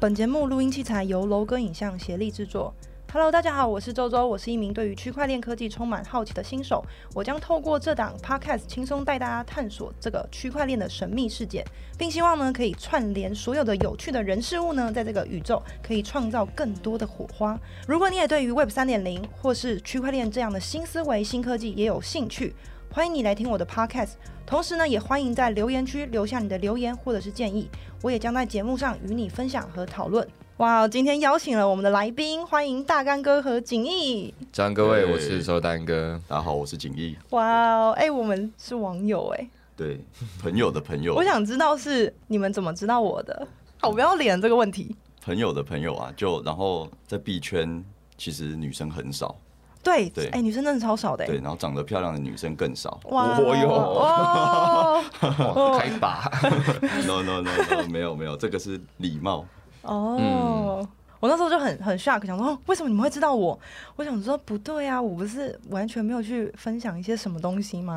本節目錄音器材由樓哥影像協力製作。Hello，大家好，我是周周，我是一名對於區塊鏈科技充滿好奇的新手。我將透過這檔 Podcast 輕鬆帶大家探索這個區塊鏈的神祕世界，並希望呢可以串聯所有的有趣的人事物呢，在這個宇宙可以創造更多的火花。如果你也對於 Web 三點零或是區塊鏈這樣的新思維、新科技也有興趣，歡迎你來聽我的 podcast，同時呢，也歡迎在留言區留下你的留言或者是建議，我也將在節目上與你分享和討論。哇哦，今天邀請了我們的來賓，歡迎大乾哥和景毅。早上各位，我是 SoLo 大乾哥，大家好，我是景毅。哇哦，哎、wow, 欸，我們是網友哎、欸。對，朋友的朋友的。我想知道是你們怎麼知道我的？好、 啊、不要臉這個問題。朋友的朋友啊，就然後在幣圈其實女生很少。對哎、欸，女生真的超少的、欸。對，然後長得漂亮的女生更少。哇哦，哦， 哦！開發 ？No No No No，, no 沒有沒有，這個是禮貌。哦、嗯，我那時候就很很 shock，想說、哦、為什麼你們會知道我？我想說不對啊，我不是完全沒有去分享一些什麼東西嗎？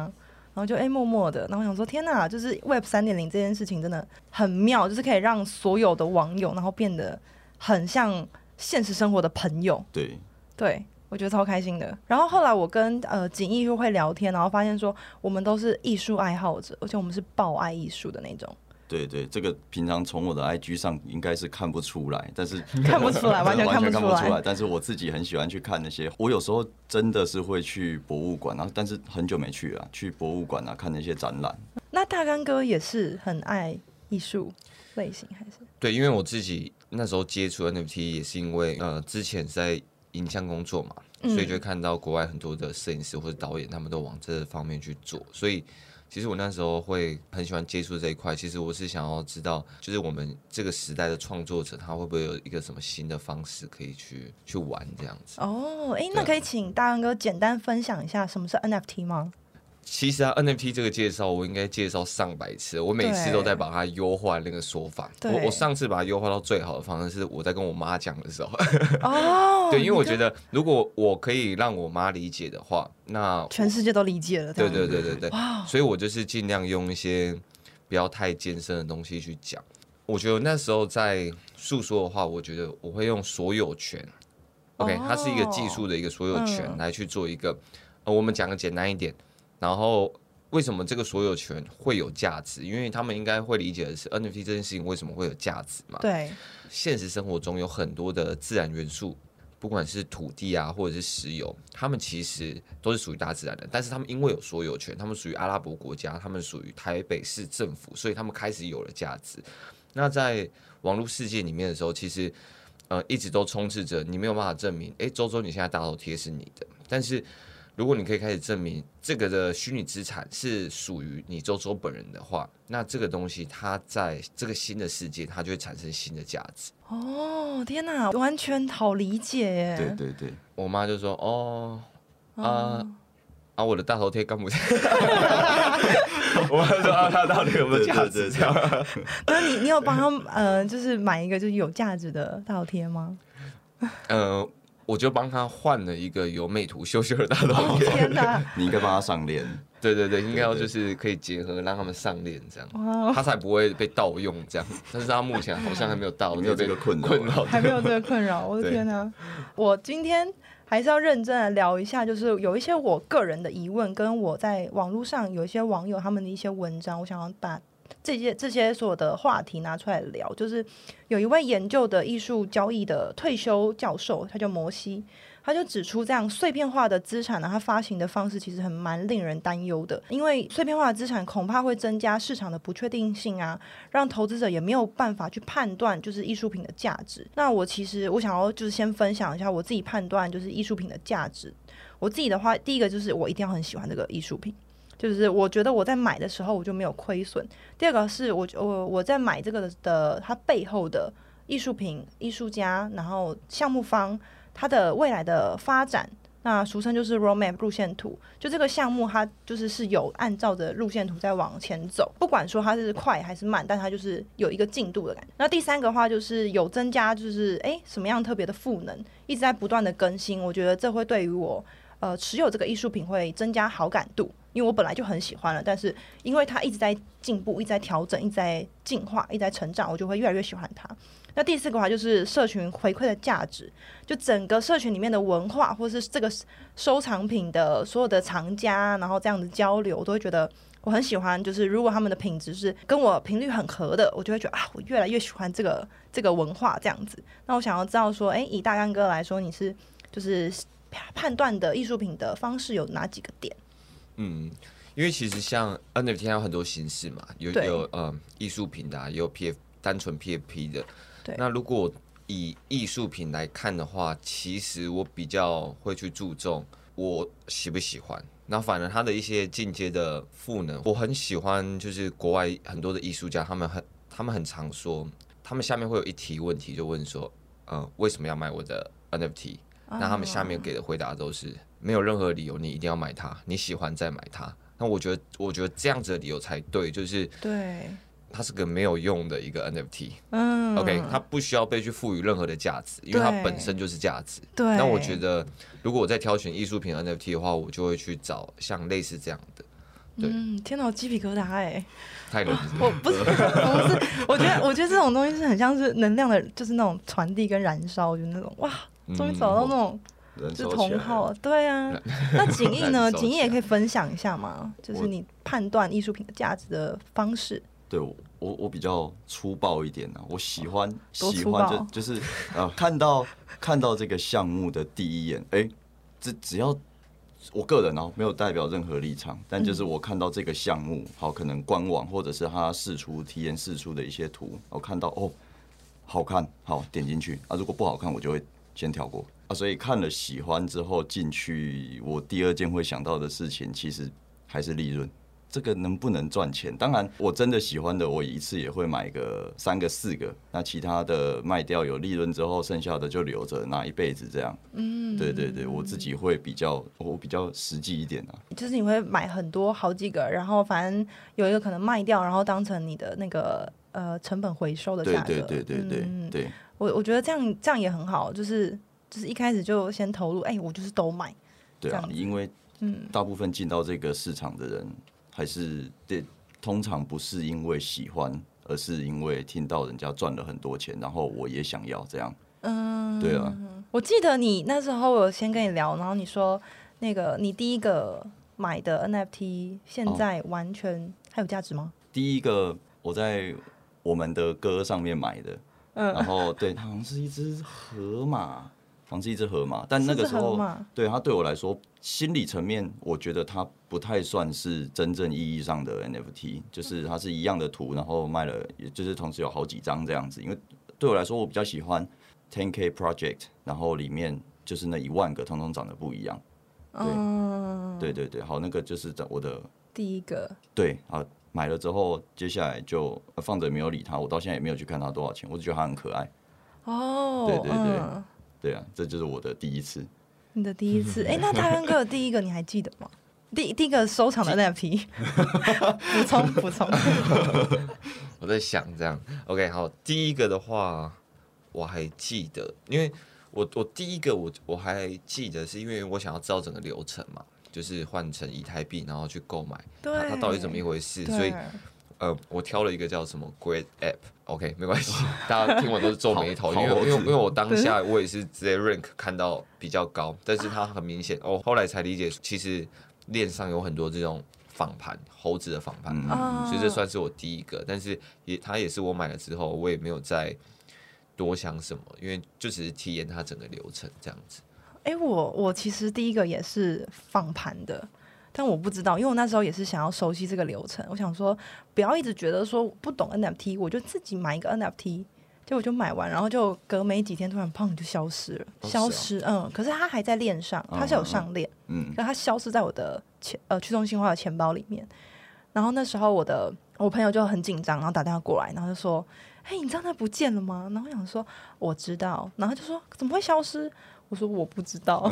然後就哎、欸、默默的，然後我想說天吶、啊，就是 Web 三點零這件事情真的很妙，就是可以讓所有的網友然後變得很像現實生活的朋友。對對。我覺得超開心的。然後後來我跟呃景毅又會聊天，然後發現說我們都是藝術愛好者，而且我們是爆愛藝術的那種。對對，這個平常從我的 I G 上應該是看不出來，但是 看不出來，完全看不出來。 但是我自己很喜歡去看那些，我有時候真的是會去博物館啊，但是很久沒去了，去博物館啊看那些展覽。那大乾哥也是很愛藝術類型還是？對，因為我自己那時候接觸 NFT 也是因為呃之前在。影像工作嘛，所以就看到國外很多的攝影師或者導演，他們都往這方面去做。所以其實我那時候會很喜歡接觸這一塊。其實我是想要知道，就是我們這個時代的創作者，他會不會有一個什麼新的方式可以去去玩這樣子？哦，哎，那可以請大乾哥簡單分享一下什麼是 NFT 嗎？其實啊，NFT 這個介紹我應該介紹上百次，我每次都在把它優化那個說法。對，我我上次把它優化到最好的方式是我在跟我媽講的時候。Oh, 對，因為我覺得如果我可以讓我媽理解的話，那全世界都理解了。對對對對對。Wow. 所以我就是盡量用一些不要太艱深的東西去講。我覺得那時候在訴說的話，我覺得我會用所有權。Oh, OK，它是一個技術的一個所有權、嗯、來去做一個。呃，我們講個簡單一點。然後，為什麼這個所有權會有價值？因為他們應該會理解的是，NFT 這件事情為什麼會有價值嘛？對，現實生活中有很多的自然元素，不管是土地啊，或者是石油，他們其實都是屬於大自然的。但是他們因為有所有權，他們屬於阿拉伯國家，他們屬於台北市政府，所以他們開始有了價值。那在網絡世界裡面的時候，其實呃一直都充斥着你沒有辦法證明，哎，周周你現在大頭貼是你的，但是。如果你可以開始證明這個的虛擬資產是屬於你周周本人的話，那這個東西它在這個新的世界，它就會產生新的價值。哦，天哪，完全好理解耶！對對對，我媽就說：“哦啊、呃哦、啊，我的大頭貼幹不？” 我媽就說：“啊，他到底有沒有價值？”這樣，那 你你有幫他呃，就是買一個就是有價值的大頭貼嗎？ 呃。我就幫他換了一個有美圖秀秀的大頭貼，天 你應該幫他上鏈。對對對，應該要就是可以結合讓他們上鏈，這樣對對對他才不會被盜用。這樣，但是他目前好像還沒有盜用，沒有這個困擾，還沒有這個困擾。我的天吶 我今天還是要認真的聊一下，就是有一些我個人的疑問，跟我在網絡上有一些網友他們的一些文章，我想要把。這些這些所有的話題拿出來聊，就是有一位研究的藝術交易的退休教授，他叫摩西，他就指出這樣碎片化的資產呢，它發行的方式其實很蠻令人擔憂的，因為碎片化的資產恐怕會增加市場的不確定性啊，讓投資者也沒有辦法去判斷就是藝術品的價值。那我其實我想要就是先分享一下我自己判斷就是藝術品的價值，我自己的話，第一個就是我一定要很喜歡這個藝術品。就是我覺得我在買的時候我就沒有虧損。第二個是我，我我我在買這個的它背後的藝術品藝術家，然後項目方它的未來的發展，那俗稱就是 roadmap 路線圖。就這個項目，它就是是有按照着路線圖在往前走，不管說它是快還是慢，但它就是有一個進度的感覺。那第三個話就是有增加，就是誒什麼樣特別的賦能，一直在不斷的更新。我覺得這會對於我呃持有這個藝術品會增加好感度。因為我本來就很喜歡了，但是因為它一直在進步、一直在調整、一直在進化、一直在成長，我就會越來越喜歡它。那第四個話就是社群回饋的價值，就整個社群裡面的文化，或者是這個收藏品的所有的藏家，然後這樣子交流，我都會覺得我很喜歡。就是如果他們的品質是跟我頻率很合的，我就會覺得啊，我越來越喜歡這個這個文化這樣子。那我想要知道說，誒、欸，以大乾哥來說，你是就是判斷的藝術品的方式有哪幾個點？嗯，因為其實像 NFT 還有很多形式嘛，有有呃藝術品的、啊，也有 P F 單純 P F P 的。那如果以藝術品來看的話，其實我比較會去注重我喜不喜歡。那反而它的一些進階的賦能，我很喜歡。就是國外很多的藝術家，他們很他們很常說，他們下面會有一題問題，就問說，嗯、呃，為什麼要買我的 NFT？那他們下面給的回答都是。Oh. 沒有任何理由，你一定要買它，你喜歡再買它。那我覺得，我覺得這樣子的理由才對，就是對它是個沒有用的一個 NFT。嗯，OK，它不需要被去賦予任何的價值，因為它本身就是價值。對。那我覺得，如果我在挑選藝術品的 NFT 的話，我就會去找像類似這樣的。對。嗯，天哪，我雞皮疙瘩哎！太難我，我不是，我不是。我覺得，我覺得這種東西是很像是能量的，就是那種傳遞跟燃燒。就是那種，哇，終於找到那種。嗯是同好，對啊。 那景毅義呢？ 景毅也可以分享一下嘛，就是你判斷藝術品的價值的方式。對，我我比較粗暴一點呢、啊，我喜歡喜歡就就是啊，呃、 看到看到這個項目的第一眼，哎、欸，這只要我個人啊、哦，沒有代表任何立場，但就是我看到這個項目，好，可能官網或者是他試出體驗試出的一些圖，我、哦、看到哦，好看，好，點進去啊，如果不好看，我就會先跳過。啊、所以看了喜歡之後進去，我第二件會想到的事情其實還是利潤，這個能不能賺錢？當然，我真的喜歡的，我一次也會買個三個四個。那其他的賣掉有利潤之後，剩下的就留着拿一輩子這樣。嗯，對對對，我自己會比較我比較實際一點啊。就是你會買很多好幾個，然後反正有一個可能賣掉，然後當成你的那個呃成本回收的價格。對對對對對對，嗯、對。我我覺得這樣這樣也很好，就是。就是一開始就先投入，哎、欸，我就是都買。對啊，因為嗯，大部分進到這個市場的人還是、嗯、對，通常不是因為喜歡，而是因為聽到人家賺了很多錢，然後我也想要這樣。嗯，對啊。我記得你那時候我先跟你聊，然後你說那個你第一個買的 NFT 現在完全還、哦、有價值嗎？第一個我在我們的歌上面買的，嗯，然後對， 它好像是一隻河馬。房是一隻河馬，但那個時候，對他對我來說，心理層面，我覺得它不太算是真正意義上的 NFT，就是它是一樣的圖，然後賣了，也就是同時有好幾張這樣子。因為對我來說，我比較喜歡 10K Project，然後裡面就是那一萬個，通通長得不一樣。對、嗯，對對對，好，那個就是我的第一個。對，啊，買了之後，接下來就、啊、放着沒有理它，我到現在也沒有去看它多少錢，我只覺得它很可愛。哦，對對對。嗯對啊，這就是我的第一次。你的第一次？哎、欸，那大乾哥第一個你還記得嗎？ 第第一個收藏的那批，補充補充。充 我在想這樣，OK，好，第一個的話我還記得，因為我我第一個我我還記得，是因為我想要知道整個流程嘛，就是換成以太幣，然後去購買。對，它，它到底怎麼一回事，所以。呃，我挑了一個叫什麼 Great App，OK，okay，沒關係，大家聽我都是皺眉頭， 因為因為因為我當下我也是直接 rank 看到比較高， 但是它很明顯，哦，後來才理解，其實鏈上有很多這種仿盤猴子的仿盤，所以這算是我第一個，但是也它也是我買了之後，我也沒有再多想什麼，因為就只是體驗它整個流程這樣子。欸，我我其實第一個也是仿盤的。但我不知道，因為我那時候也是想要熟悉這個流程。我想說，不要一直覺得說不懂 NFT，我就自己買一個 NFT。結果就買完，然後就隔沒幾天，突然砰就消失了，消失。嗯，可是它還在鏈上，它是有上鏈。嗯，那它消失在我的錢呃去中心化的錢包裡面。然後那時候我的我朋友就很緊張，然後打電話過來，然後就說：“嘿，你知道它不見了嗎？”然後我想說：“我知道。”然後就說：“怎麼會消失？”我說：“我不知道。”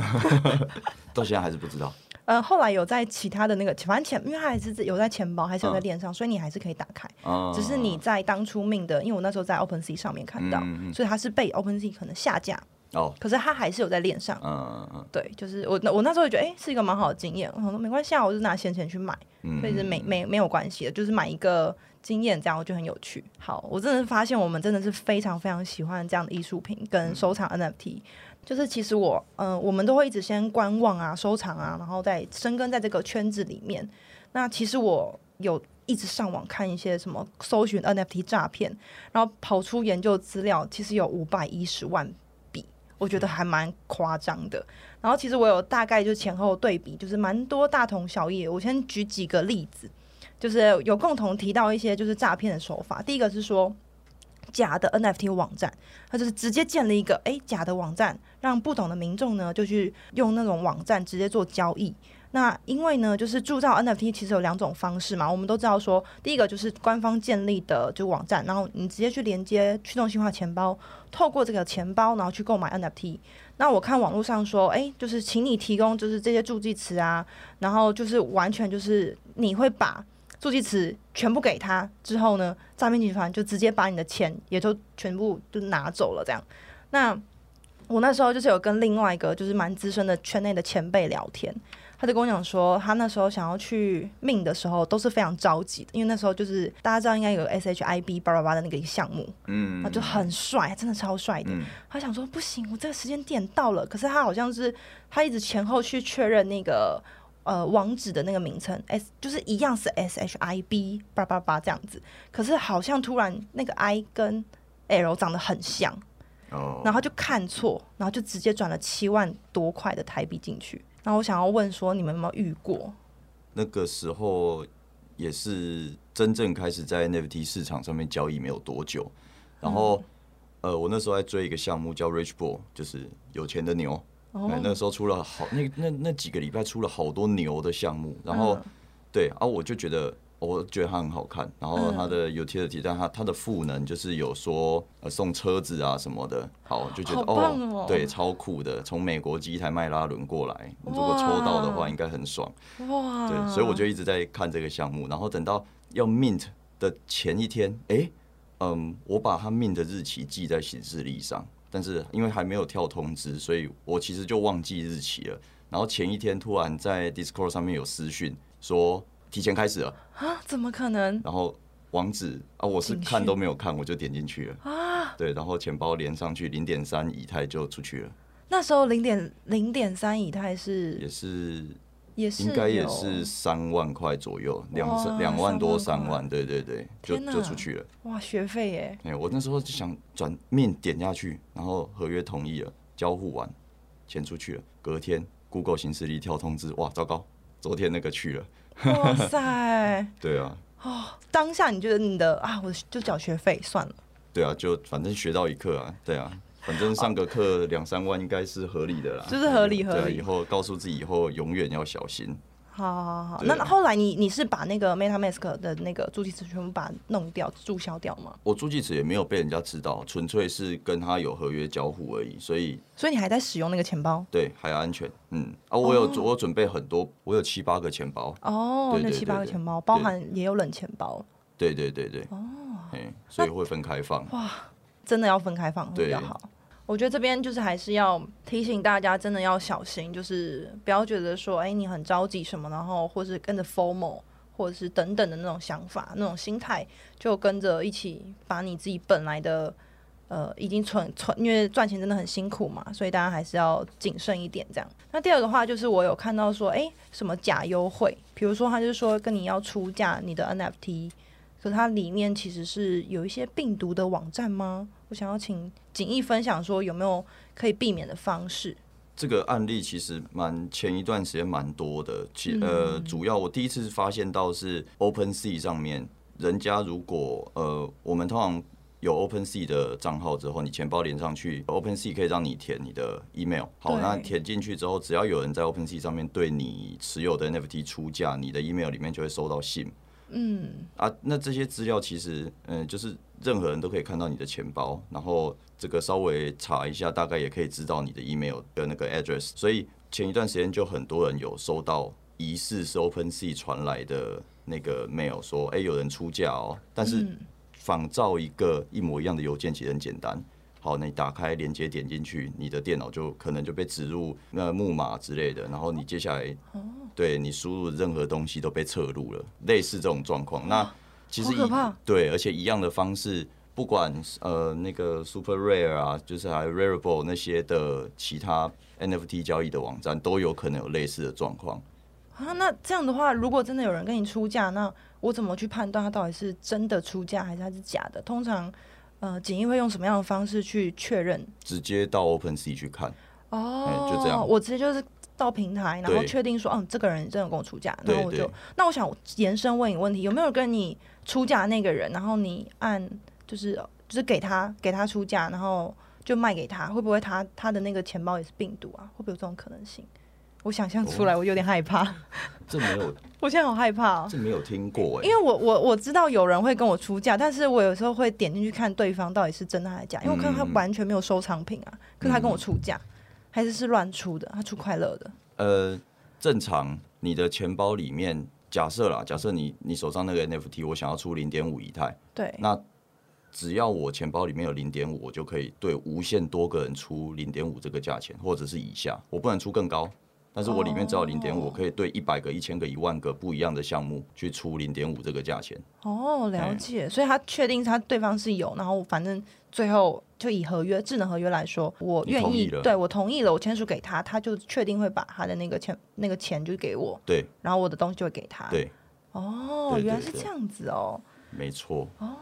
到現在還是不知道。呃，後來有在其他的那個，反正錢，因為它還是有在錢包，還是有在鏈上，oh. 所以你還是可以打開。Oh. 只是你在當初命的，因為我那時候在 OpenSea 上面看到，oh. 所以它是被 OpenSea 可能下架。哦、oh.。可是它還是有在鏈上。嗯嗯。對，就是我我那時候也覺得，哎、欸，是一個蠻好的經驗。我說沒關係啊，我就拿閒錢去買。嗯。所以是沒沒沒有關係的，就是買一個經驗，這樣我就很有趣。好，我真的發現我們真的是非常非常喜歡這樣的藝術品跟收藏 NFT、oh.。就是其實我，嗯、呃，我們都會一直先觀望啊、收藏啊，然後再深耕在這個圈子裡面。那其實我有一直上網看一些什麼搜尋 NFT 詐騙，然後跑出研究資料，其實有五百一十萬筆，我覺得還蠻誇張的。然後其實我有大概就是前後對比，就是蠻多大同小異。我先舉幾個例子，就是有共同提到一些就是詐騙的手法。第一個是說。假的 NFT 網站，他就是直接建了一個誒、欸、假的網站，讓不懂的民眾呢就去用那種網站直接做交易。那因為呢，就是鑄造 NFT 其實有兩種方式嘛，我們都知道說，第一個就是官方建立的就網站，然後你直接去連接驅動性化錢包，透過這個錢包然後去購買 NFT。那我看網絡上說，哎、欸，就是請你提供就是這些助記詞啊，然後就是完全就是你會把，助記詞全部給他之後呢，詐騙集團就直接把你的錢也都全部就拿走了。這樣，那我那時候就是有跟另外一個就是蠻資深的圈內的前輩聊天，他就跟我講說，他那時候想要去命的時候都是非常着急的，因為那時候就是大家知道應該有 SHIB 八八八的那個項目，嗯，那就很帥，真的超帥的。嗯。他想說不行，我這個時間點到了，可是他好像是他一直前後去確認那個。呃，網址的那個名稱 s 就是一樣是 s h i b 888這樣子，可是好像突然那個 i 跟 l 長得很像，哦、然後就看錯，然後就直接轉了七萬多塊的台幣進去。然後我想要問說，你們有沒有遇過？那個時候也是真正開始在 NFT 市場上面交易沒有多久，然後、嗯、呃，我那時候還追一個項目叫 Rich Bull，就是有錢的牛。對、oh. 欸，那時候出了好，那那那幾個禮拜出了好多牛的項目，然後，嗯、對，啊我就覺得，哦、我覺得它很好看，然後它的 utility，但它它的賦能就是有說、呃、送車子啊什麼的，好就覺得哦，哦，對，超酷的，從美國寄一台邁拉倫過來，如果抽到的話應該很爽，哇，對，所以我就一直在看這個項目，然後等到要 mint 的前一天，哎、欸，嗯，我把它 mint 的日期記在行事曆上。但是因為還沒有跳通知，所以我其實就忘記日期了。然後前一天突然在 Discord 上面有私訊說提前開始了啊？怎麼可能？然後網址啊，我是看都沒有看，我就點進去了啊。對，然後錢包連上去，零點三以太就出去了。那時候零點零點三以太是也是。也是應該也是三萬塊左右，兩兩萬多三萬，三萬對對對，就就出去了。哇，學費耶！哎，我那時候就想轉面點下去，然後合約同意了，交付完錢出去了。隔天 Google 行事曆跳通知，哇，糟糕，昨天那個去了。哇塞！ 對啊。哦，當下你覺得你的啊，我就繳學費算了。對啊，就反正學到一課啊，對啊。反正上個課兩三萬應該是合理的啦，就是合理合理。嗯啊、以後告訴自己，以後永遠要小心。好好好，那後來你你是把那個 MetaMask 的那個助記詞全部把弄掉、注銷掉嗎？我助記詞也沒有被人家知道，純粹是跟他有合約交互而已，所以所以你還在使用那個錢包？對，還安全。嗯啊，我有、oh. 我有準備很多，我有七八個錢包哦、oh,，對七八個錢包，包含也有冷錢包。對對對對。哦、oh.。所以會分開放。哇，真的要分開放對比較好。對我覺得這邊就是還是要提醒大家，真的要小心，就是不要覺得說，哎、欸，你很着急什麼，然後或者跟着 FOMO 或者是等等的那種想法、那種心態，就跟着一起把你自己本來的，呃，已經存存，因為賺錢真的很辛苦嘛，所以大家還是要謹慎一點，這樣。那第二個話就是我有看到說，哎、欸，什麼假優惠，比如說他就是說跟你要出價你的 NFT。可是它裡面其實是有一些病毒的網站嗎？我想要請景毅分享說有沒有可以避免的方式？這個案例其實蠻前一段時間蠻多的，其、嗯、呃，主要我第一次發現到是 OpenSea 上面，人家如果呃我們通常有 OpenSea 的賬號之後，你錢包連上去，OpenSea 可以讓你填你的 email，好，那填進去之後，只要有人在 OpenSea 上面對你持有的 NFT 出價，你的 email 裡面就會收到信。嗯啊，那這些資料其實，嗯，就是任何人都可以看到你的錢包，然後這個稍微查一下，大概也可以知道你的 email 跟那個 address。所以前一段時間就很多人有收到疑似是 OpenSea 傳來的那個 mail，說，哎、欸，有人出價哦。但是仿造一個一模一樣的郵件其實很簡單。好，你打開鏈接點進去，你的電腦就可能就被植入那個木馬之類的。然後你接下來，對你輸入的任何東西都被側錄了，類似這種狀況。那其實一、哦，好可怕，對，而且一樣的方式，不管呃那個 Super Rare 啊，就是還有 Rarible 那些的其他 NFT 交易的網站，都有可能有類似的狀況。啊，那這樣的話，如果真的有人跟你出價，那我怎麼去判斷它到底是真的出價還是他是假的？通常，呃，景毅會用什麼樣的方式去確認？直接到 OpenSea 去看哦、欸，就這樣，我直接就是。到平台，然後確定說，嗯、啊，這個人真的跟我出價，然後我就，對對。那我想我延伸問你問題，有沒有跟你出價那個人，然後你按就是就是給他給他出價，然後就賣給他，會不會他他的那個錢包也是病毒啊？會不會有這種可能性？我想象出來，我有點害怕。哦、這沒有， 我現在好害怕、哦。這沒有聽過哎、欸，因為我我我知道有人會跟我出價，但是我有時候會點進去看對方到底是真的還是假，因為我看他完全沒有收藏品啊，嗯、可是他跟我出價。嗯還是是亂出的，他出快樂的。呃，正常，你的錢包裡面，假設啦，假設你你手上那個 NFT，我想要出零點五以太，對，那只要我錢包裡面有零點五，我就可以對無限多個人出零點五這個價錢，或者是以下，我不能出更高。但是我裡面只有零點五，我可以對一百個、一千個、一萬個不一樣的項目去出零點五這個價錢。哦、oh,，了解、嗯。所以他確定他對方是有，然後反正最後就以合約智能合約來說，我願意，意對我同意了，我簽署給他，他就確定會把他的那個錢那個錢就給我。對。然後我的東西就會給他。對。哦、oh,，原來是這樣子哦、喔。沒錯。哦、oh,，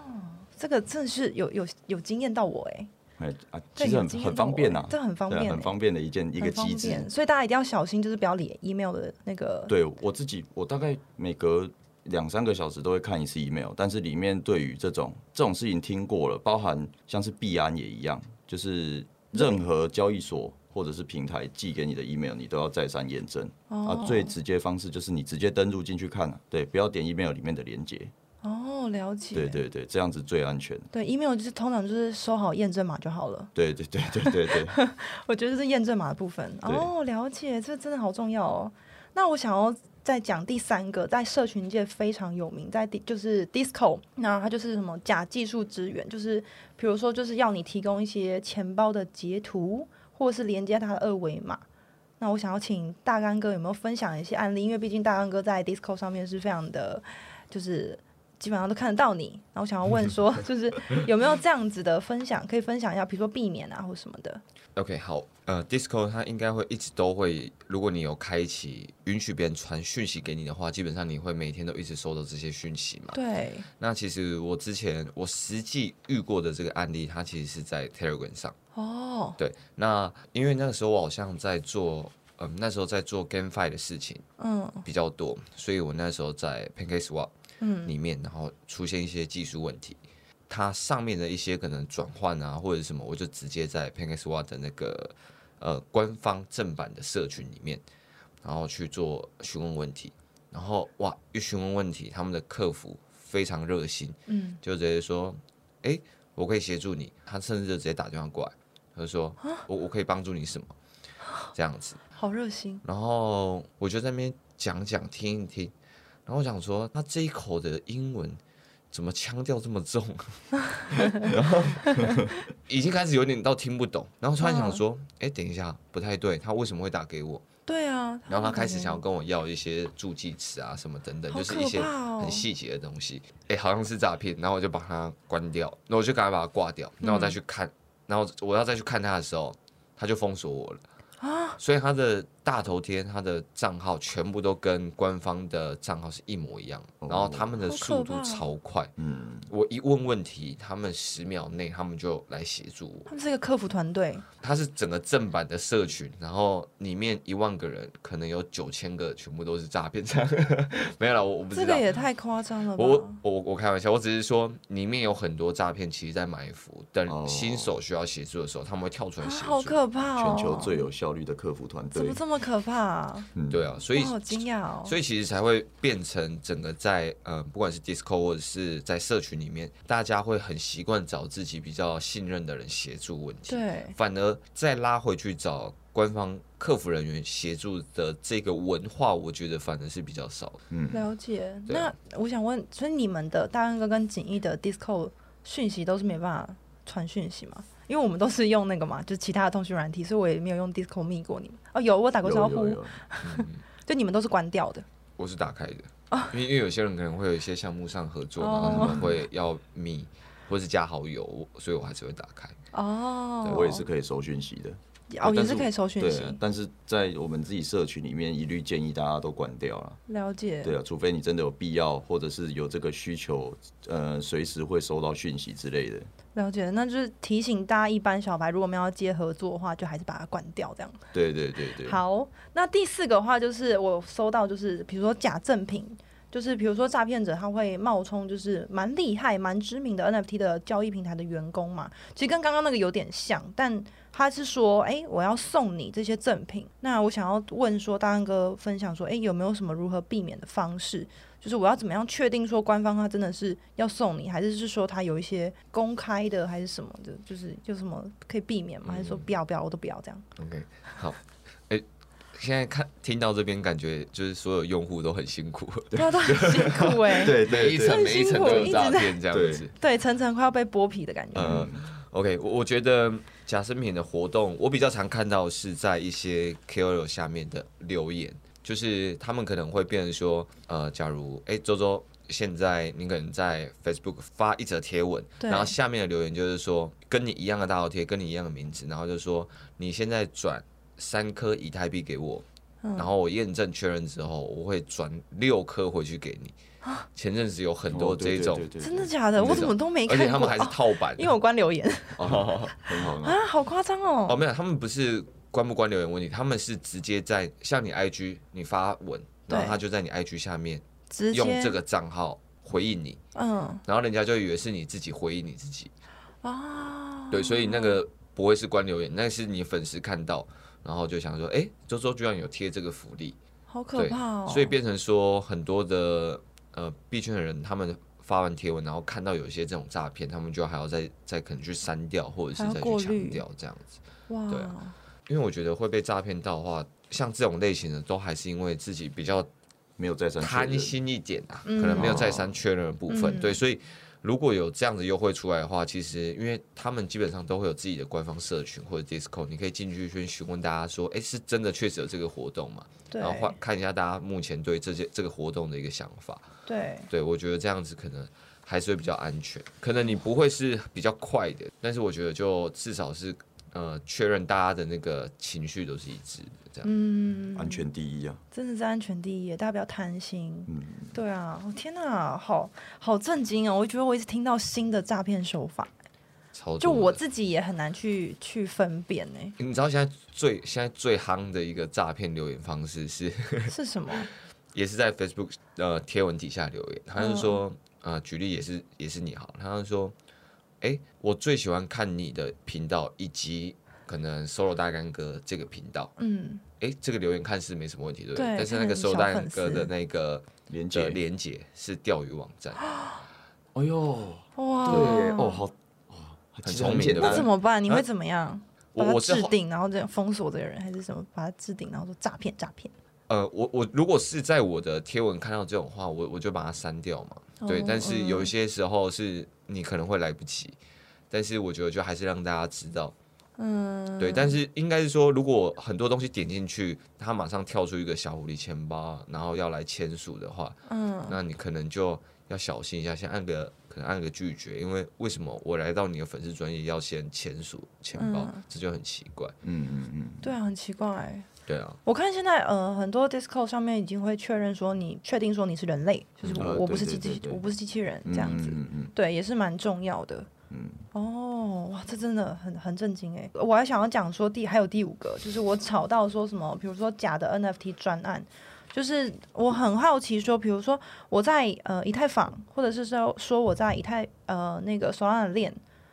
這個真的是有有有驚豔到我哎、欸。哎啊，其實很很方便吶、啊，這很方便，欸，很方便的一件一個機制，所以大家一定要小心，就是不要理 email 的那個。對我自己，我大概每隔兩三個小時都會看一次 email，但是裡面對於這種這種事情聽過了，包含像是幣安也一樣，就是任何交易所或者是平台寄給你的 email，你都要再三驗證。哦、啊，最直接方式就是你直接登入進去看，對，不要點 email 裡面的連結。哦、了解，對對對，這樣子最安全。對，email 就是通常就是收好驗證碼就好了。對對對對對對， 我覺得這是驗證碼的部分。哦，了解，這真的好重要哦。那我想要再講第三個，在社群界非常有名，在、d、就是 Discord，那它就是什麼假技術支援，就是比如說就是要你提供一些錢包的截圖，或者是連接它的二維碼。那我想要請大乾哥有沒有分享一些案例？因為畢竟大乾哥在 Discord 上面是非常的，就是。基本上都看得到你，然後我想要問說，就是有沒有這樣子的分享， 可以分享一下，比如說避免啊，或什麼的。OK，好，呃 Discord 它應該會一直都會，如果你有開啟允許別人傳訊息給你的話，基本上你會每天都一直收到這些訊息嘛？對。那其實我之前我實際遇過的這個案例，它其實是在 Telegram 上。哦、oh.。對，那因為那個時候我好像在做，嗯、呃，那時候在做 GameFi 的事情，嗯，比較多、嗯，所以我那時候在 PancakeSwap 嗯，裡面，然後出現一些技術問題，它上面的一些可能轉換啊或者什麼，我就直接在 PengXW 的那個呃官方正版的社群裡面，然後去做詢問問題，然後哇一詢問問題，他們的客服非常熱心，嗯，就直接說，哎、欸，我可以協助你，他甚至就直接打電話過來，他說我我可以幫助你什麼，這樣子好熱心，然後我就在那邊講講聽一聽。然後我想說，他這一口的英文怎麼腔調這麼重？然 後 已經開始有點到聽不懂。然後突然想說，哎、哦，等一下，不太對，他為什麼會打給我？對啊。然後他開始想要跟我要一些助記詞啊，什麼等等，就是一些很細節的東西。哎、哦，好像是詐騙。然後我就把它關掉，那我就趕快把它掛掉。那我再去看，嗯，然後我要再去看他的時候，他就封鎖我了啊！所以他的。大頭貼，他的賬號全部都跟官方的賬號是一模一樣、哦，然後他們的速度超快，嗯，我一問問題，他們十秒內他們就來協助我。他們是一個客服團隊，他是整個正版的社群，然後裡面一萬個人，可能有九千個全部都是詐騙 沒有了，我我不知道，這個也太誇張了。我我我開玩笑，我只是說裡面有很多詐騙，其實在埋伏，等新手需要協助的時候，他們會跳出來協助。哦、好，好可怕、哦、全球最有效率的客服團隊，怎麼這麼很可怕、啊，嗯，對啊，所以好驚訝哦，所以其實才會變成整個在呃，不管是 Discord 或者是在社群裡面，大家會很習慣找自己比較信任的人協助問題，對，反而再拉回去找官方客服人員協助的這個文化，我覺得反而是比較少。嗯，了解、啊。那我想問，所以你們的大乾哥跟景毅的 Discord 訊息都是沒辦法傳訊息嗎？因為我們都是用那個嘛，就是其他的通訊軟體，所以我也沒有用 Discord me 過你們。哦，有，我打過招呼、 嗯。就你們都是關掉的。我是打開的，因、哦、為因為有些人可能會有一些項目上合作，然後他們會要 ME、哦、或者是加好友，所以我還是會打開。哦。我也是可以收訊息的。哦，哦，也是可以收訊息對。但是在我們自己社群裡面，一律建議大家都關掉了。了解。對啊，除非你真的有必要，或者是有這個需求，呃，隨時會收到訊息之類的。了解，那就是提醒大家，一般小白如果我們要接合作的話，就還是把它關掉這樣。對，對對對對。好，那第四個話就是我收到，就是比如說假贈品，就是比如說詐騙者他會冒充就是蠻厲害、蠻知名的 NFT 的交易平台的員工嘛，其實跟剛剛那個有點像，但他是說，哎、欸，我要送你這些贈品。那我想要問說，大乾哥分享說，哎、欸，有沒有什麼如何避免的方式？就是我要怎麼樣確定說官方他真的是要送你，還是是說他有一些公開的還是什麼的，就是有什麼可以避免嗎？還是說不要不要我都不要這樣、嗯、？OK，好，哎、欸，現在看聽到這邊感覺就是所有用戶都很辛苦，對， 都很辛苦哎、欸，對，對,對每一層一層都有詐騙這樣子，對，層層快要被剝皮的感覺。嗯，OK，我我覺得假商品的活動我比較常看到是在一些 KOL 下面的留言。就是他們可能會變成說，呃，假如哎、欸，周周，現在你可能在 Facebook 發一則貼文，然後下面的留言就是說，跟你一樣的大頭貼，跟你一樣的名字，然後就說你現在轉三顆以太幣給我，嗯，然後我驗證確認之後，我會轉六顆回去給你。嗯、前陣子有很多這種、哦、對對對對對這種，真的假的？我怎麼都沒看到。而且他們還是套版，哦，因為我關留言。 哦、哈哈哈哈很好，很好。啊、好誇張哦。哦，沒有，他們不是。關不關留言問題？他們是直接在像你 IG 你發文，然後他就在你 IG 下面用這個賬號回應你，嗯，然後人家就以為是你自己回應你自己，啊、對，所以那個不會是關留言，那是你粉絲看到，然後就想說，哎、欸，周周居然有貼這個福利，好可怕哦！所以變成說很多的呃幣圈的人，他們發完貼文，然後看到有一些這種詐騙，他們就還要再再可能去刪掉，或者是再去強調這樣子，哇，對因為我覺得會被詐騙到的話，像這種類型的都還是因為自己比較、啊、沒有再三貪心一點啊，可能沒有再三確認的部分、哦。對，所以如果有這樣子優惠出來的話、嗯，其實因為他們基本上都會有自己的官方社群或者 Discord，你可以進去先詢問大家說，哎、欸，是真的確實有這個活動嗎？對，然後看一下大家目前對這些這個活動的一個想法。對，對我覺得這樣子可能還是會比較安全，可能你不會是比較快的，但是我覺得就至少是。呃，確認大家的那個情緒都是一致的，這樣，嗯，安全第一啊，真的是安全第一，大家不要貪心，嗯，對啊，我天哪，好好震驚啊、喔！我覺得我一直聽到新的詐騙手法超，就我自己也很難去去分辨呢。你知道現在最現在最夯的一個詐騙留言方式是是什麼？ 也是在 Facebook 呃貼文底下留言，他就說啊、嗯呃，舉例也是也是你好，他就說。哎，我最喜歡看你的頻道，以及可能 SoLo 大乾哥這個頻道。嗯，哎，這個留言看似沒什麼問題，對不對？對，但是那個 SoLo 大乾哥的那個的的連接連接是釣魚網站。哎呦，哇，對，哦，好，哦，很聰明很。那怎麼辦？你會怎麼樣？啊，我我置頂，然後這樣封鎖這個人，還是什麼？把他置頂，然後說詐騙詐騙。呃，我我如果是在我的貼文看到這種話，我我就把它刪掉嘛。對，但是有一些時候是你可能會來不及，哦嗯，但是我覺得就還是讓大家知道，嗯，對，但是應該是說，如果很多東西點進去，他馬上跳出一個小狐狸錢包，然後要來簽署的話，嗯，那你可能就要小心一下，先按個可能按個拒絕，因為為什麼我來到你的粉絲專業要先簽署錢包，嗯，這就很奇怪，嗯嗯嗯，對，啊，很奇怪，欸。對啊，我看現在呃很多 Discord 上面已經會確認說你確定說你是人類，就是我、嗯、我不是機器對對對對，我不是機器人這樣子嗯嗯嗯嗯，對，也是蠻重要的。嗯，哦，哇，這真的很很震驚哎、欸！我還想要講說第還有第五個，就是我吵到說什麼， 比如說假的 NFT 專案，就是我很好奇說，比如說我在呃以太坊，或者是說說我在以太呃那個 Solana 鏈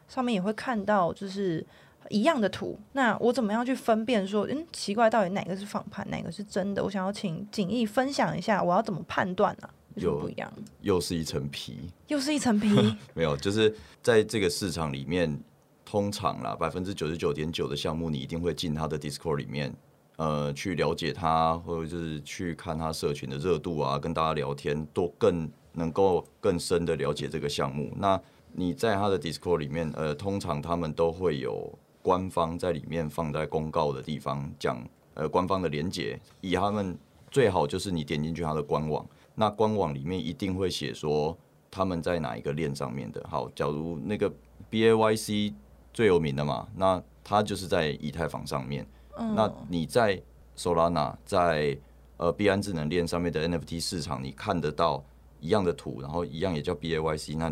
上面也會看到，就是。一樣的圖，那我怎麼樣去分辨說，嗯，奇怪，到底哪個是仿盤，哪個是真的？我想要請景毅分享一下，我要怎麼判斷呢、啊？又不一樣，又是一層皮，又是一層皮。 沒有，就是在這個市場裡面，通常啦，百分之九十九點九的項目，你一定會進他的 Discord 裡面，呃，去了解他，或者就是去看他社群的熱度啊，跟大家聊天，多更能夠更深的了解這個項目。那你在他的 Discord 裡面，呃，通常他們都會有，官方在裡面放在公告的地方講，呃，官方的連接，以他們最好就是你點進去他的官網，那官網裡面一定會寫說他們在哪一個鏈上面的。好，假如那個 B A Y C 最有名的嘛，那他就是在以太坊上面。嗯，那你在 Solana 在呃幣安智能鏈上面的 N F T 市場，你看得到一樣的圖，然後一樣也叫 B A Y C，那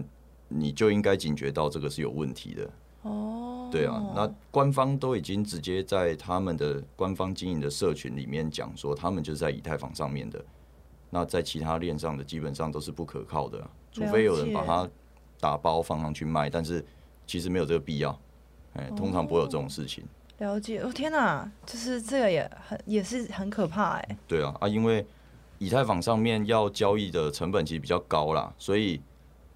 你就應該警覺到這個是有問題的。哦。對啊，那官方都已經直接在他們的官方經營的社群裡面講說，他們就是在以太坊上面的，那在其他鏈上的基本上都是不可靠的啊，除非有人把它打包放上去賣，但是其實沒有這個必要，哎，通常不會有這種事情。了解。哦，天吶，就是這個也很也是很可怕哎、欸。對啊，啊，因為以太坊上面要交易的成本其實比較高啦，所以。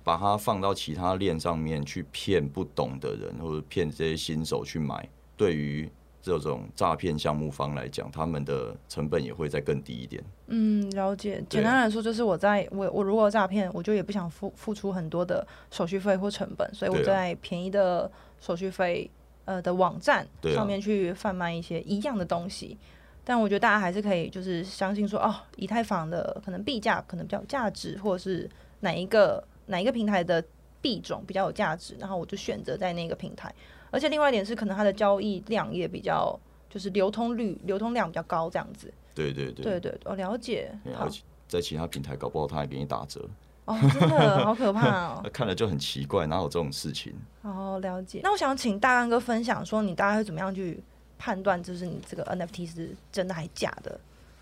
把它放到其他鏈上面去騙不懂的人，或者騙這些新手去買。對於這種詐騙項目方來講，他們的成本也會再更低一點。嗯，了解。啊、簡單來說，就是我在我我如果詐騙，我就也不想付付出很多的手續費或成本，所以我在便宜的手續費、啊、呃的網站上面去販賣一些一樣的東西、啊。但我覺得大家還是可以就是相信說，哦，以太坊的可能幣價可能比較有價值，或者是哪一個。哪一個平台的幣種比較有價值，然後我就選擇在那個平台。而且另外一點是，可能它的交易量也比較，就是流通率、流通量比較高這樣子。對對對。對對,對，我、哦、了解。而、欸、且在其他平台搞不好他還給你打折。哦，真的好可怕哦！那 看了就很奇怪，哪有這種事情？哦，了解。那我想請大乾哥分享，說你大概會怎麼樣去判斷，就是你這個 NFT 是真的還是假的？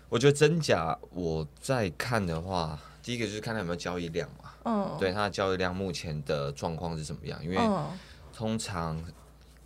我覺得真假，我在看的話，第一個就是看他有沒有交易量。嗯，對，它的交易量目前的狀況是怎麼樣？因為通常，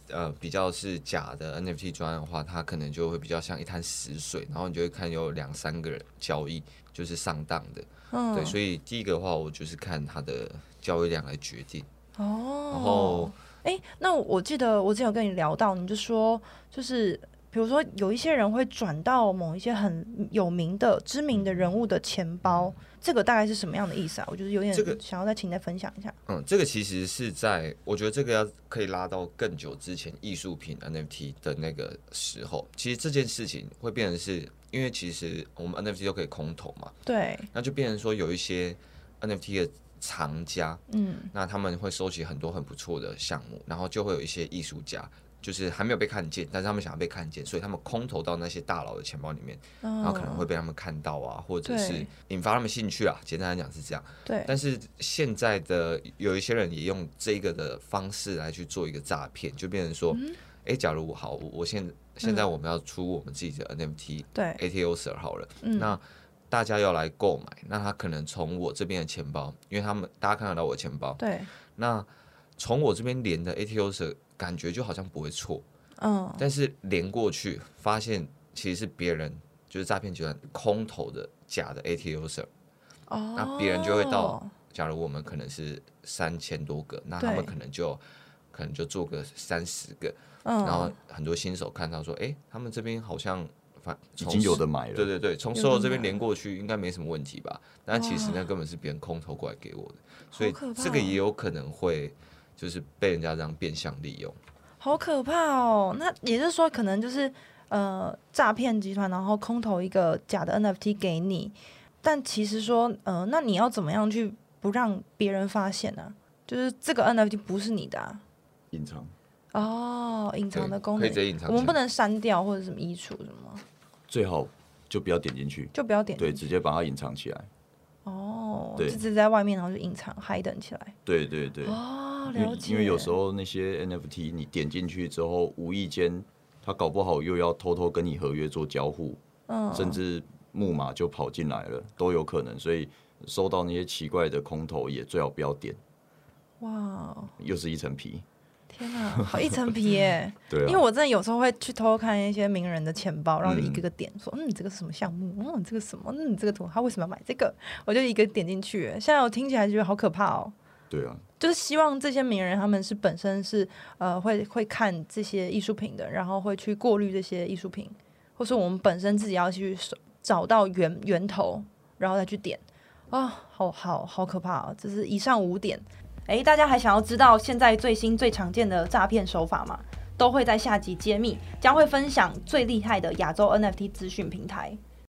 嗯、呃，比較是假的 NFT 專案的話，它可能就會比較像一灘死水，然後你就會看有兩三個人交易，就是上當的。嗯，對，所以第一個的話，我就是看它的交易量來決定。哦，然後，哎、欸，那我記得我之前有跟你聊到，你就說就是。比如說，有一些人會轉到某一些很有名的、知名的人物的錢包，這個大概是什麼樣的意思啊？我就是有點想要再請你再分享一下。嗯，這個其實是在，我覺得這個要可以拉到更久之前，藝術品 NFT 的那個時候，其實這件事情會變成是，因為其實我們 NFT 都可以空投嘛，對，那就變成說有一些 NFT 的藏家，嗯，那他們會收集很多很不錯的項目，然後就會有一些藝術家。就是還沒有被看見，但是他們想要被看見，所以他們空投到那些大佬的錢包裡面，哦、然後可能會被他們看到啊，或者是引發他們興趣啊。簡單來講是這樣。對。但是現在的有一些人也用這個的方式來去做一個詐騙，就變成說，哎、嗯欸，假如我好，我現在、嗯、現在我們要出我們自己的 NFT，對，ATOS 好了、嗯，那大家要來購買，那他可能從我這邊的錢包，因為他們大家看得到我的錢包，對，那。從我這邊連的 A T U Ser 感覺就好像不會錯，嗯，但是連過去發現其實是別人就是詐騙集團空投的假的 A T U Ser，哦，那別人就會到，假如我們可能是三千多個，那他們可能就可能就做個三十個，嗯，然後很多新手看到說，哎、欸，他們這邊好像已經有的買了，對對對，從所有這邊連過去應該沒什麼問題吧？但其實那根本是別人空投過來給我的，所以這個也有可能會。就是被人家這樣變相利用，好可怕哦！那也就是說，可能就是呃詐騙集團，然後空投一個假的 NFT 給你，但其實說呃，那你要怎麼樣去不讓別人發現呢、啊？就是這個 NFT 不是你的、啊，隱藏哦，隱藏的功能，可以我們不能刪掉或者什麼移除，什麼最好就不要點進去，就不要點去對，直接把它隱藏起來哦，對，就直接在外面然後就隱藏 hidden 起來，對對對，對哦。因為，因為有時候那些 NFT 你點進去之後，無意間他搞不好又要偷偷跟你合約做交互，嗯，甚至木馬就跑進來了，都有可能。所以收到那些奇怪的空投也最好不要點。哇，又是一層皮！天哪，好、 哦、一層皮耶、欸！ 對、啊，因為我真的有時候會去偷，偷看一些名人的錢包，然後就一個個點，說嗯，這個是什麼項目？嗯，這個什麼？嗯，這個圖他為什麼要買這個？我就一個點進去、欸，現在我聽起來就覺得好可怕哦、喔。對啊。就是希望這些名人他們是本身是呃會會看這些藝術品的，然後會去過濾這些藝術品，或是我們本身自己要去找到源源頭，然後再去點啊、哦，好好好可怕、喔！這是以上五點。誒、欸，大家還想要知道現在最新最常見的詐騙手法嗎？都會在下集揭秘，將會分享最厲害的亞洲 NFT 資訊平台。